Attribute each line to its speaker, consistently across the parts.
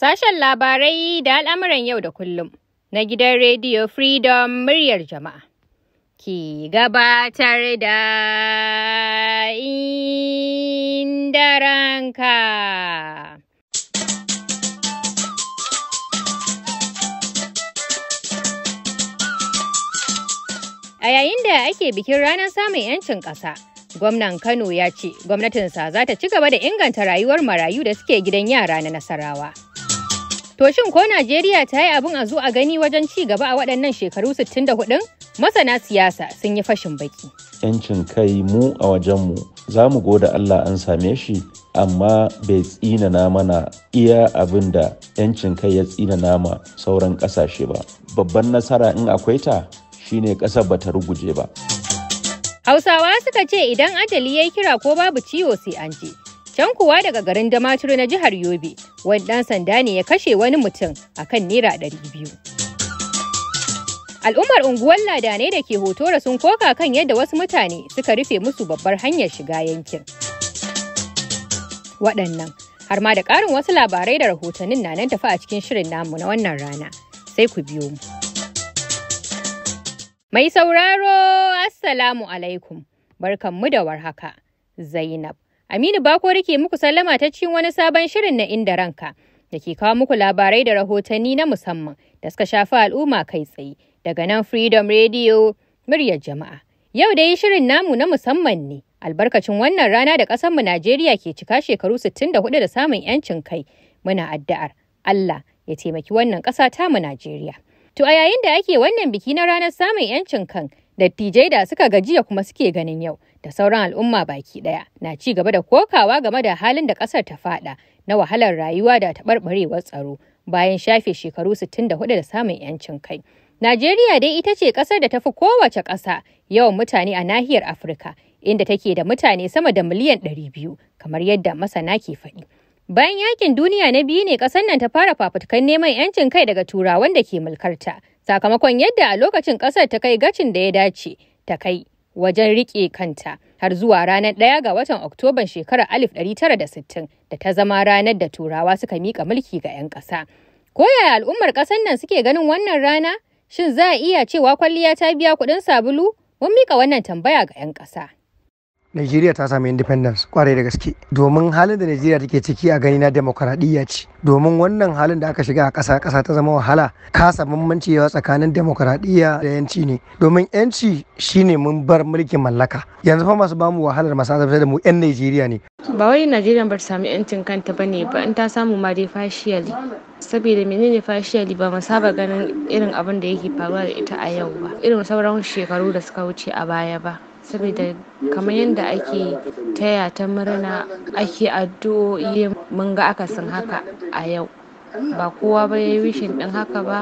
Speaker 1: Sashen labarai da al'amuran yau da kullum na gidan Rediyo Freedom muryar jama'a. Ki gabatar da inda ranka. A yayin da ake bikin ranar samun 'yancin ƙasa, gwamnan Kano ya ce gwamnatinsa za ta ci gaba da inganta rayuwar marayu da suke gidan yara na Nasarawa. To shin ko Najeriya ta yi abin a zo a gani wajen ci gaba a waɗannan shekaru 64? Masana siyasa sun yi fashin baki.
Speaker 2: Yancin kai mu a wajenmu za mu goda Allah an same shi amma bai tsinana mana iya abin da yancin kai ya tsinana ma sauran ƙasashe ba. Babban nasara in akwai ta shine ƙasar ba ta ruguje ba.
Speaker 1: Hausawa suka ce idan ajali ya kira ko babu ciwo sai an je. Can kuwa daga garin Damaturu na jihar Yobe, wani ɗan sanda ne ya kashe wani mutum a kan Naira ɗari biyu. Al'ummar unguwar ladanai da ke Hotora sun koka kan yadda wasu mutane suka rufe musu babbar hanyar shiga yankin. Waɗannan har ma da ƙarin wasu labarai da rahotannin na nan tafi a cikin shirin namu na wannan rana. Sai ku biyo mu. Mai sauraro, Assalamu alaikum, barkanmu da warhaka, Zainab. Aminu Bako rike muku sallama ta cikin wani sabon shirin na inda ranka da ke kawo muku labarai da rahotanni na musamman da suka shafi al'umma kai tsaye daga nan Freedom Radio muryar jama'a. Yau dai shirin namu na musamman ne albarkacin wannan rana da ƙasar mu Najeriya ke cika shekaru 64 da samun 'yancin kai muna addu'ar Allah ya taimaki wannan ƙasa mu Najeriya. To a yayin da ake wannan biki na ranar samun 'yancin kan dattijai da suka gajiya kuma suke ganin yau da sauran al'umma baki ɗaya na ci gaba da kokawa game da halin da ƙasar ta faɗa na wahalar rayuwa da taɓarɓarewar tsaro bayan shafe shekaru 64 da samun 'yancin kai. Najeriya dai ita ce ƙasar da tafi kowace ƙasa yawan mutane a nahiyar Afirka, inda take da mutane sama da miliyan 200, kamar yadda masana ke faɗi. Bayan yakin duniya na biyu ne ƙasar nan ta fara fafutukan neman 'yancin kai daga turawan da ke mulkarta, sakamakon yadda a lokacin ƙasar ta kai gacin da ya dace ta kai wajen riƙe kanta har zuwa ranar ɗaya ga watan Oktoban shekarar 1960 da ta zama ranar da Turawa suka miƙa mulki ga 'yan ƙasa. Ko yaya al'ummar ƙasar nan suke ganin wannan rana? Shin za a iya cewa kwalliya ta biya kuɗin sabulu? Mun miƙa wannan tambaya ga 'yan ƙasa.
Speaker 3: Najeriya ta samu independence kwarai da gaske domin halin da Najeriya take ciki a gani na demokradiyya ce domin wannan halin da aka shiga a ƙasa kasa ta zama wahala kasa bambanci yawa tsakanin demokradiyya da yanci ne domin yanci shine mun bar mulkin mallaka yanzu fa masu bamu wahalar masu azabta da mu yan Najeriya ne
Speaker 1: ba wai Najeriya ba ta samu yancin kanta bane ba in ta samu ma dai fashiyali saboda menene fashiyali ba mu saba ganin irin abin da yake faruwa da ita a yau ba
Speaker 3: irin sauran shekaru da suka wuce a baya ba saboda kamar yadda ake taya ta murna ake addu'o'i mun ga akasin haka a yau
Speaker 1: ba kowa ba ya yi wishin ɗin haka ba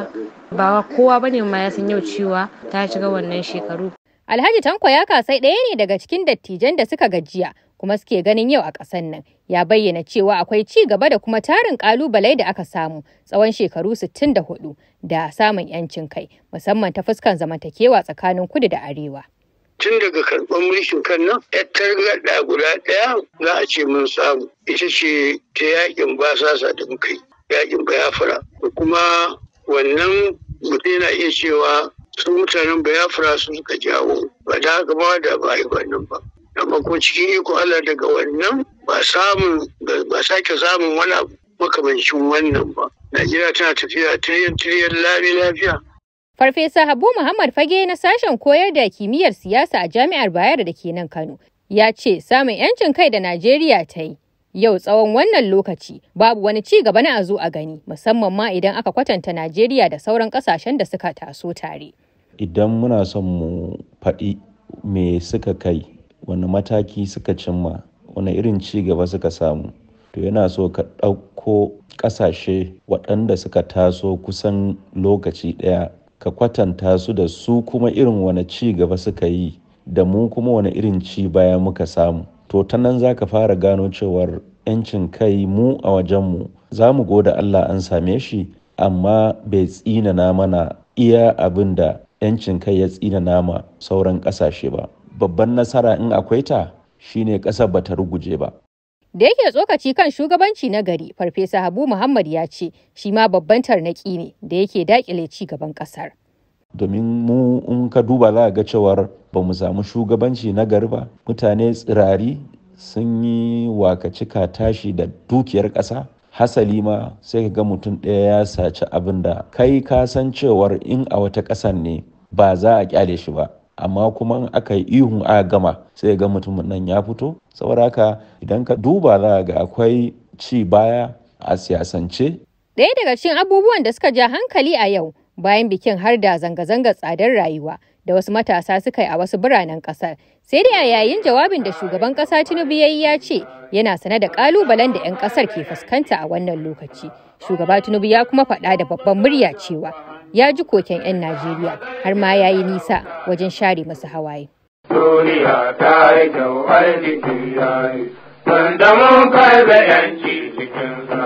Speaker 1: ba kowa ba ne ma ya san yau cewa ta shiga wannan shekaru Alhaji Tanko ya kasai ɗaya ne daga cikin dattijan da suka gajiya kuma suke ganin yau a ƙasar nan. Ya bayyana cewa akwai ci gaba da kuma tarin ƙalubale da aka samu tsawon shekaru 64 da samun 'yancin kai musamman ta fuskan zamantakewa tsakanin kudu da arewa.
Speaker 2: tun daga karɓar mulkin kan nan yar targaɗa guda ɗaya za a ce mun samu ita ce ta yakin basasa da muka yi yakin bayafra da kuma wannan mutum yana iya cewa su mutanen bayafara su suka jawo ba da haka ba da ba yi wannan ba amma ko cikin iko Allah daga wannan ba samun ba sake samun wani abu makamancin wannan
Speaker 3: ba Najeriya tana tafiya tiriyan tiriyan lafiya lafiya
Speaker 1: Farfesa Habu Muhammad Fage na sashen koyar da kimiyyar siyasa a Jami'ar Bayero da ke nan Kano ya ce samun 'yancin kai da Najeriya ta yi yau tsawon wannan lokaci babu wani ci gaba na a zo a gani musamman ma idan aka kwatanta Najeriya da sauran kasashen da suka taso tare.
Speaker 2: Idan muna son mu faɗi me suka kai wani mataki suka cimma wani irin ci gaba suka samu to yana so ka ɗauko ƙasashe waɗanda suka taso kusan lokaci ɗaya ka kwatanta su da su kuma irin wani ci gaba suka yi da mu kuma wani irin ci baya muka samu to ta nan za ka fara gano cewar 'yancin kai mu a wajenmu za mu goda Allah an same shi amma bai tsinana mana iya abin da 'yancin kai ya tsinana ma sauran ƙasashe ba babban nasara in akwai ta shine ƙasar ba ta ruguje ba
Speaker 1: Da yake tsokaci kan shugabanci na gari, Farfesa Habu Muhammad ya ce shi ma babban tarnaki ne da yake daƙile ci gaban ƙasar.
Speaker 2: Domin mu in ka duba za ga cewar ba mu samu shugabanci na gari ba, mutane tsirari sun yi wakacika tashi da dukiyar ƙasa hasali ma sai ka ga mutum ɗaya ya saci abin da kai ka san cewar in a wata ƙasan ne ba za a kyale shi ba amma kuma aka yi ihun a gama sai ga mutumin nan ya fito saboda haka idan ka duba za ga akwai ci baya a siyasance
Speaker 1: ɗaya daga cikin abubuwan da suka ja hankali a yau bayan bikin har da zanga-zangar tsadar rayuwa da wasu matasa suka yi a wasu biranen kasar sai dai a yayin jawabin da shugaban kasa tinubu ya yi ya ce yana sane da kalubalen da 'yan kasar ke fuskanta a wannan lokaci shugaba tinubu ya kuma faɗa da babban murya cewa ya ji koken 'yan Najeriya har ma ya yi nisa wajen share masu hawaye.
Speaker 3: Duniya ta yi kyauwar jiki ya yi, da mun karbe yanci cikinsa.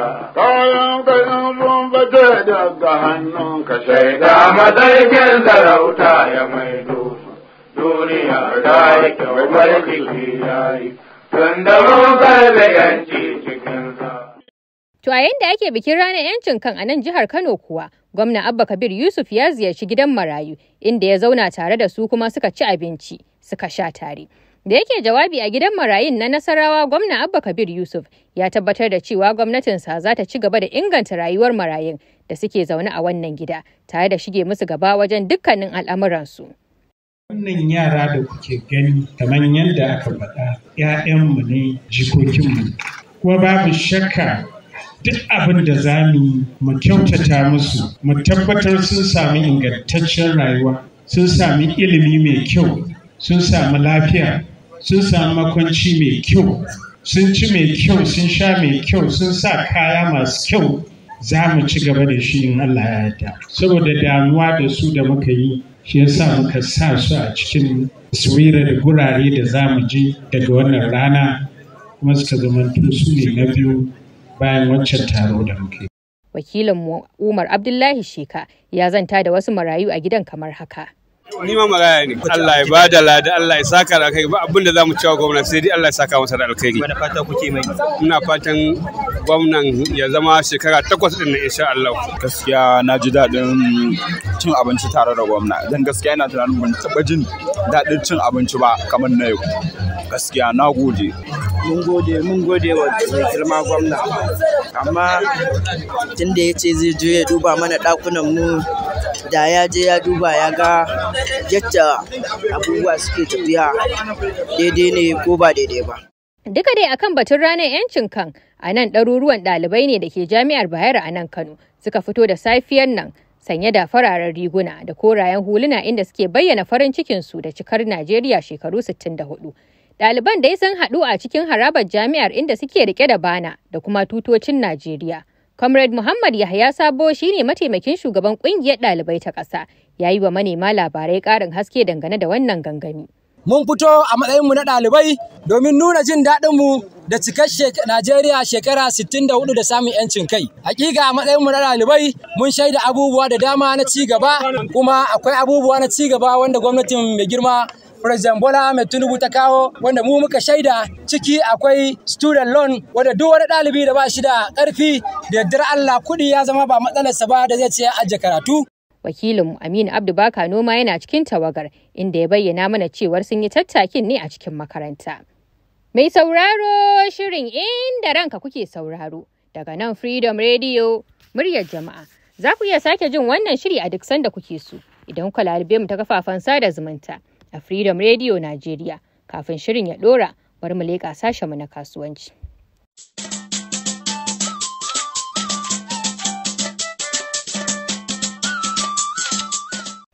Speaker 3: Kayan ka in
Speaker 2: sun fito daga hannun ka shaida matsarkin sarauta ya
Speaker 3: maido. Duniya ta yi kyauwar jiki ya yi, da mun karbe yanci cikinsa.
Speaker 1: To a yanda ake bikin ranar 'yancin kan a nan jihar Kano kuwa, Gwamna Abba Kabir Yusuf ya ziyarci gidan marayu inda ya zauna tare da su kuma suka ci abinci suka sha tare. Da yake jawabi a gidan marayun na Nasarawa gwamna Abba Kabir Yusuf ya tabbatar da cewa gwamnatinsa za ta ci gaba da inganta rayuwar marayun da suke zaune a wannan gida tare da shige musu gaba wajen dukkanin al'amuransu.
Speaker 2: Wannan yara da kuke gani kamar yadda aka faɗa ‘ya'yanmu ne jikokinmu. Kuma babu shakka duk abin da za mu mu kyautata musu mu tabbatar sun sami ingantaccen rayuwa sun sami ilimi mai kyau sun sami lafiya sun sami makwanci mai kyau sun ci mai kyau sun sha mai kyau sun sa kaya masu kyau za mu ci gaba da shi in Allah ya yarda saboda damuwa da su da muka yi shi yasa muka sa su a cikin taswirar gurare da za mu je daga wannan rana kuma suka zama su ne na biyu bayan wancan taro da muke.
Speaker 1: Wakilin Umar Abdullahi Sheka ya zanta da wasu marayu a gidan kamar haka.
Speaker 2: Ni ma maraya ne. Allah ya bada lada, Allah ya saka da alkhairi. Ba abin da za mu cewa gwamnati sai dai Allah ya saka masa da alkhairi. Wani fata kuke mai? Ina fatan gwamnan ya zama shekara takwas din na insha Allah. Gaskiya na ji daɗin cin abinci tare da gwamna. Dan gaskiya ina tunanin ban taɓa jin daɗin cin abinci ba kamar na yau. Gaskiya na gode. mun gode mun gode wa girma gwamna amma tunda ya ce zai je ya duba mana dakunan mu da ya je ya duba ya ga yadda abubuwa suke tafiya daidai ne ko ba daidai ba
Speaker 1: Duka dai akan batun ranar 'yancin kan a nan ɗaruruwan ɗalibai ne da ke jami'ar bayar a nan Kano suka fito da safiyar nan sanye da fararen riguna da korayen huluna inda suke bayyana farin cikinsu da cikar Najeriya shekaru 64. Ɗaliban dai sun haɗu a cikin harabar jami'ar inda suke rike da bana da kuma tutocin Najeriya. Comrade Muhammad Yahaya Sabo shine mataimakin shugaban ƙungiyar ɗalibai ta ƙasa, ya yi wa manema labarai ƙarin haske dangane da wannan gangami.
Speaker 2: Mun fito a matsayinmu na ɗalibai domin nuna jin daɗinmu da cikar Najeriya shekara 64 da samun 'yancin kai. Hakika a matsayinmu na ɗalibai mun shaida abubuwa da dama na ci gaba kuma akwai abubuwa na ci gaba wanda gwamnatin mai girma President Bola Ahmed Tinubu ta kawo wanda mu muka shaida ciki akwai student loan wanda duk wani ɗalibi da ba shi da karfi da yardar Allah kuɗi ya zama ba matsalarsa ba da zai ce ya ajiye karatu.
Speaker 1: Wakilin Aminu Abdu Baka Noma yana cikin tawagar inda ya bayyana mana cewar sun yi tattakin ne a cikin makaranta. Mai sauraro shirin inda ranka kuke sauraro daga nan Freedom Radio muryar jama'a. Za ku iya sake jin wannan shiri a duk sanda kuke so idan ku lalube mu ta kafafen sada zumunta. a Freedom Radio nigeria Kafin shirin ya ɗora, bari mu leƙa sashen mu na kasuwanci.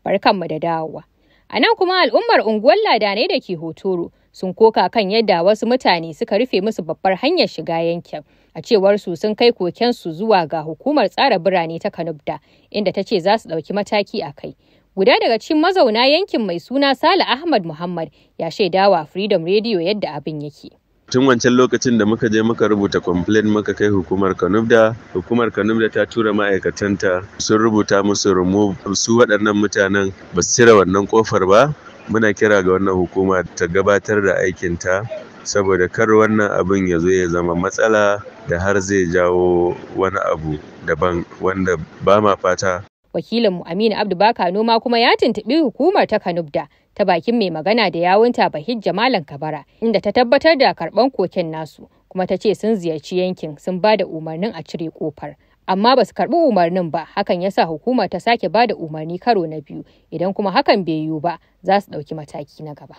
Speaker 1: Barkanmu da dawowa. A nan kuma al'ummar unguwar ladanai da ke Hotoro sun koka kan yadda wasu mutane suka rufe musu babbar hanyar shiga yankin. A cewar su sun kai kokensu zuwa ga hukumar tsara birane ta Kanubda inda ta ce za su ɗauki mataki a kai. Guda daga cikin mazauna yankin mai suna Sale Ahmad Muhammad ya shaidawa Freedom Radio yadda abin yake.
Speaker 2: tun wancan lokacin da muka je muka rubuta complain muka kai hukumar kanubda hukumar kanubda ta tura ma'aikatanta sun rubuta musu remove su waɗannan mutanen ba su cire wannan kofar ba muna kira ga wannan hukuma ta gabatar da aikinta saboda kar wannan abin ya zo ya zama matsala da har zai jawo wani abu daban wanda ba ma fata
Speaker 1: wakilinmu aminu abdu baka noma kuma ya tuntuɓi hukumar ta kanubda ta bakin mai magana da yawunta hijja malam kabara inda ta tabbatar da karɓan koken nasu kuma ta ce sun ziyarci yankin sun ba da umarnin a cire kofar amma ba su karɓi umarnin ba hakan yasa hukumar ta sake ba da umarni karo na biyu idan kuma hakan bai yiwu ba za su ɗauki mataki na gaba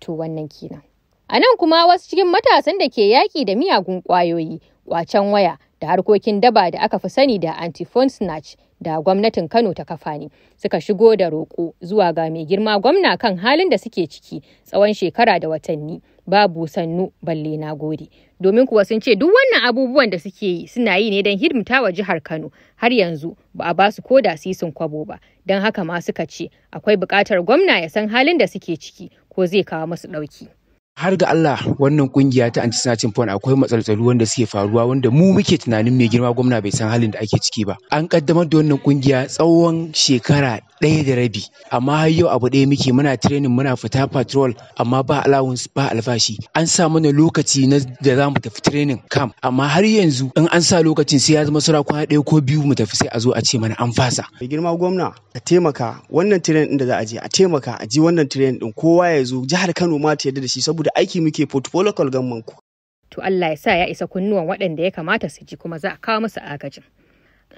Speaker 1: to wannan kenan a nan kuma wasu cikin matasan da ke yaƙi da miyagun ƙwayoyi ƙwacen waya da harkokin daba da aka fi sani da anti-phone snatch da gwamnatin Kano ta kafa ne suka shigo da roƙo zuwa ga mai girma gwamna kan halin da suke ciki tsawon shekara da watanni babu sannu balle na gode domin kuwa sun ce duk wannan abubuwan da suke yi suna yi ne don hidimta wa jihar Kano har yanzu ba a basu ko da sisin kwabo ba don haka ma suka ce akwai buƙatar gwamna ya san halin da suke ciki ko zai kawo musu ɗauki.
Speaker 2: har ga Allah wannan kungiya ta anti snatching point akwai matsaltsalu wanda suke faruwa wanda mu muke tunanin mai girma gwamna bai san halin da ake ciki ba an kaddamar da wannan kungiya tsawon shekara ɗaya da rabi amma har yau abu ɗaya muke muna training muna fita patrol amma ba allowance ba albashi an sa mana lokaci na da za mu tafi training camp amma har yanzu in an sa lokacin sai ya zama sura kwana ɗaya ko biyu mu tafi sai a zo a ce mana an fasa mai girma gwamna a taimaka wannan training din da za a je a taimaka a ji wannan training din kowa ya zo jihar Kano ma ta yarda da shi saboda da aiki muke portfolio government ku.
Speaker 1: To Allah ya sa ya isa kunnuwan waɗanda ya kamata su ji kuma za a kawo musu agajin.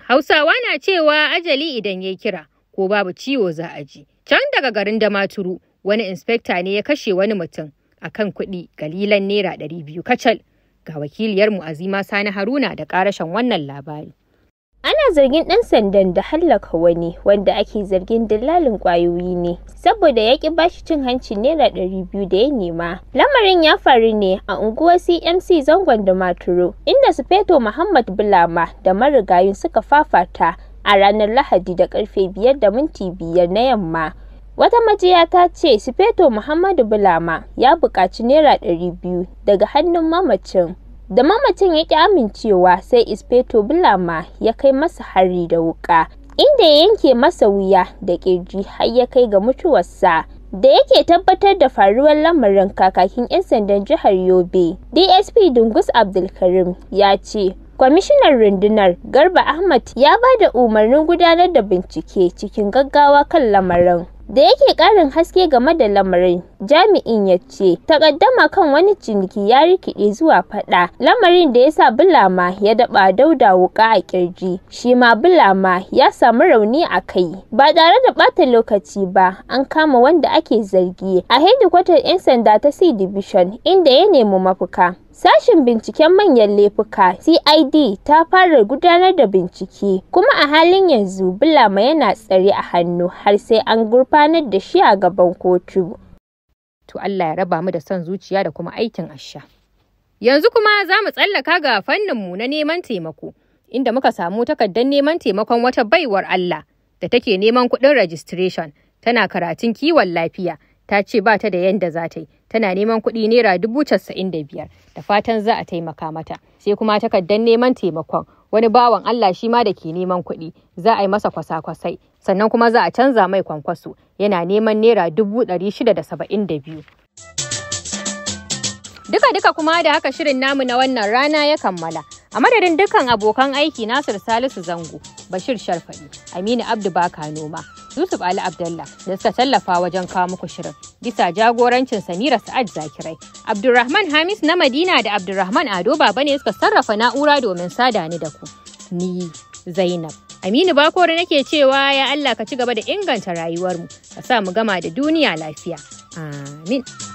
Speaker 1: Hausawa na cewa ajali idan ya kira ko babu ciwo za a ji. Can daga garin da maturu, wani inspekta ne ya kashe wani mutum a kan kuɗi galilan naira ɗari biyu kacal. Ga wakiliyarmu Azima Sani Haruna da ƙarashen wannan labari.
Speaker 3: Ana zargin ɗan sandan da hallaka wani wanda ake zargin dillalin ƙwayoyi ne saboda ya ƙi bashi cin hanci naira ɗari biyu da ya nema. Lamarin ya faru ne a unguwar CMC zangon da maturo inda Sufeto Muhammad Bulama da marigayin suka fafata a ranar Lahadi da karfe biyar da minti biyar na yamma. Wata majiya ta ce Sufeto Muhammadu Bulama ya buƙaci naira ɗari biyu daga hannun mamacin Da mamacin ya ƙi amincewa sai Ispeto Bulama ya kai masa hari da wuƙa, inda ya yanke masa wuya da ƙirji har ya kai ga mutuwarsa. da yake tabbatar da faruwar lamarin kakakin 'yan sandan jihar yobe dsp dungus abdulkarim ya ce kwamishinan rundunar garba ahmad ya ba da umarnin gudanar da bincike cikin gaggawa kan lamarin da yake ƙarin haske game da lamarin jami'in ya ce takaddama kan wani ciniki ya rikide zuwa faɗa lamarin da ya sa bulama ya daba dauda wuka a kirji shi ma bulama ya samu rauni a kai ba tare da bata lokaci ba an kama wanda ake zargi a hedikwatar 'yan sanda ta c division inda ya nemi mafuka Sashen binciken manyan laifuka CID ta fara gudanar da bincike kuma a halin yanzu Bulama yana tsare a hannu har sai an gurfanar da shi a gaban kotu. To Allah ya raba mu da son zuciya da kuma aikin asha.
Speaker 1: Yanzu kuma za mu tsallaka ga fanninmu na neman taimako, inda muka samu takardar neman taimakon wata baiwar Allah da take neman kuɗin registration tana karatun kiwon lafiya. ta ce ba ta da yanda za ta yi tana neman kuɗi naira dubu casa'in da biyar da fatan za a taimaka mata sai kuma takardar neman taimakon wani bawan Allah shi ma da ke neman kuɗi za a yi masa kwasa-kwasai sannan kuma za a canza mai kwankwaso yana neman naira dubu ɗari shida da saba'in da biyu. Duka-duka kuma da haka shirin namu na wannan rana ya kammala. A madadin dukkan abokan aiki Nasir Salisu Zango, Bashir Sharfaɗi, Aminu Abdu Baka Noma, Yusuf Ali Abdullah, da suka tallafa wajen kawo muku shirin. Bisa jagorancin Samira Sa'ad Zakirai. Abdulrahman Hamis na Madina da Abdulrahman Ado Baba ne suka sarrafa na'ura domin sada ni da ku. Ni Zainab. Aminu bakori nake cewa ya Allah ka ci gaba da inganta rayuwarmu, ka sa mu gama da duniya lafiya. Amin.